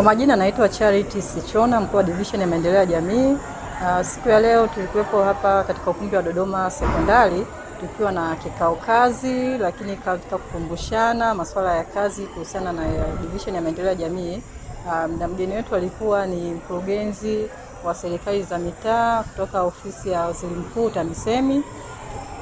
Kwa majina naitwa Charity Sichona, mkuu wa division ya maendeleo ya jamii. Uh, siku ya leo tulikuwepo hapa katika ukumbi wa Dodoma Sekondari tukiwa na kikao kazi, lakini katika kukumbushana masuala ya kazi kuhusiana na division ya maendeleo ya jamii. Uh, na mgeni wetu alikuwa ni mkurugenzi wa serikali za mitaa kutoka ofisi ya waziri mkuu TAMISEMI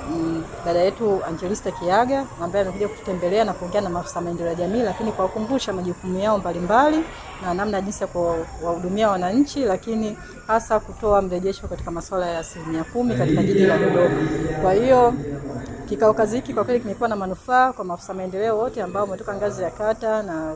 Mm, dada yetu Angelista Kiaga ambaye amekuja kutembelea na kuongea na maafisa maendeleo ya jamii, lakini kuwakumbusha majukumu yao mbalimbali na namna jinsi ya kuwahudumia wananchi, lakini hasa kutoa mrejesho katika masuala ya asilimia kumi katika jiji la Dodoma. Kwa hiyo Kikao kazi hiki kwa kweli kimekuwa na manufaa kwa maafisa maendeleo wote ambao wametoka ngazi ya kata na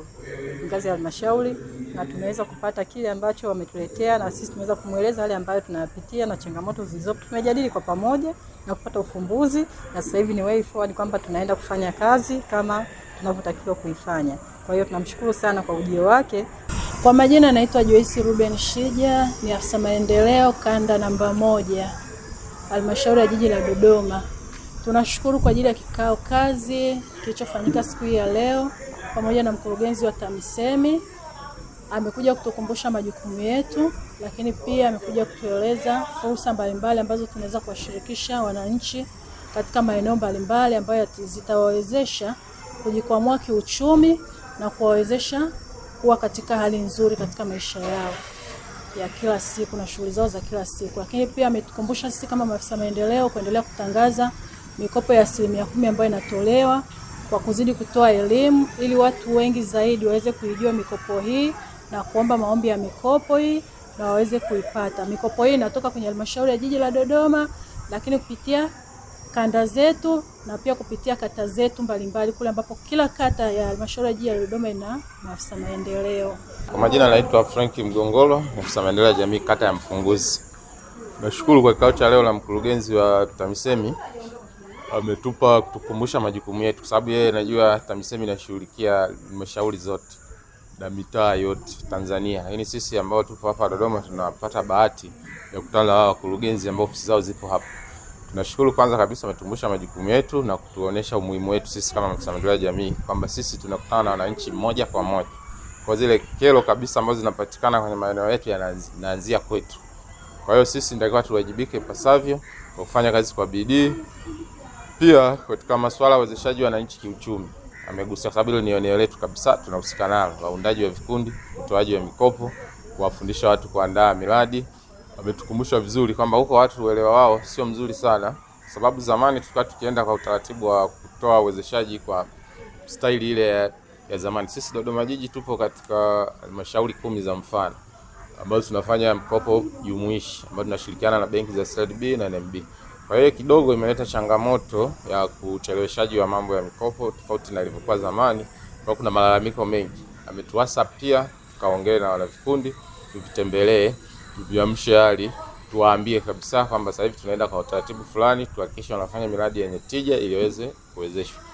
ngazi ya halmashauri, na tumeweza kupata kile ambacho wametuletea, na sisi tumeweza kumweleza yale ambayo tunayapitia na changamoto zilizopo. Tumejadili kwa pamoja na kupata ufumbuzi, na sasa hivi ni way forward kwamba tunaenda kufanya kazi kama tunavyotakiwa kuifanya. Kwa hiyo tunamshukuru sana kwa ujio wake. Kwa majina anaitwa Joyce Ruben Shija, ni afisa maendeleo kanda namba moja halmashauri ya jiji la Dodoma. Tunashukuru kwa ajili ya kikao kazi kilichofanyika siku hii ya leo pamoja na mkurugenzi wa TAMISEMI. Amekuja kutukumbusha majukumu yetu, lakini pia amekuja kutueleza fursa mbalimbali ambazo tunaweza kuwashirikisha wananchi katika maeneo mbalimbali ambayo zitawawezesha kujikwamua kiuchumi na kuwawezesha kuwa katika hali nzuri katika maisha yao ya kila siku na shughuli zao za kila siku. Lakini pia ametukumbusha sisi kama maafisa maendeleo kuendelea kutangaza mikopo ya asilimia kumi ambayo inatolewa kwa kuzidi kutoa elimu ili watu wengi zaidi waweze kuijua mikopo hii na kuomba maombi ya mikopo hii na waweze kuipata. Mikopo hii inatoka kwenye halmashauri ya jiji la Dodoma, lakini kupitia kanda zetu na pia kupitia kata zetu mbalimbali kule ambapo kila kata ya halmashauri ya jiji la Dodoma ina maafisa maendeleo. Kwa majina naitwa Frank Mgongolo, afisa maendeleo ya jamii kata ya Mfunguzi. Nashukuru kwa kikao cha leo la mkurugenzi wa TAMISEMI ametupa kutukumbusha majukumu yetu, kwa sababu yeye najua TAMISEMI inashughulikia halmashauri zote na mitaa yote Tanzania, lakini sisi ambao tupo hapa Dodoma tunapata bahati ya kukutana na wao wakurugenzi ambao ofisi zao zipo hapa. Tunashukuru kwanza kabisa, ametukumbusha majukumu yetu na kutuonesha umuhimu wetu sisi kama maafisa maendeleo ya jamii kwamba sisi tunakutana na wananchi moja kwa moja, kwa zile kero kabisa ambazo zinapatikana kwenye maeneo yetu yanaanzia kwetu. Kwa hiyo sisi ndio tuwajibike ipasavyo kwa kufanya kazi kwa bidii pia katika masuala ya uwezeshaji wananchi kiuchumi amegusia, kwa sababu hilo ni eneo letu kabisa, tunahusika nalo, waundaji wa vikundi, utoaji wa mikopo, kuwafundisha watu kuandaa miradi. Ametukumbusha vizuri kwamba huko watu uelewa wao sio mzuri sana, sababu zamani tulikuwa tukienda kwa utaratibu wa kutoa uwezeshaji kwa staili ile ya zamani. Sisi Dodoma Jiji tupo katika halmashauri kumi za mfano ambazo tunafanya mkopo jumuishi ambao tunashirikiana na benki za CRDB na NMB. Kwa hiyo kidogo imeleta changamoto ya kucheleweshaji wa mambo ya mikopo tofauti na ilivyokuwa zamani, kwa kuna malalamiko mengi. Ametuwasa pia tukaongee na wanavikundi vikundi, tuvitembelee, tuviamshe hali, tuwaambie kabisa kwamba sasa hivi tunaenda kwa utaratibu fulani, tuhakikishe wanafanya miradi yenye tija ili kuwezeshwa.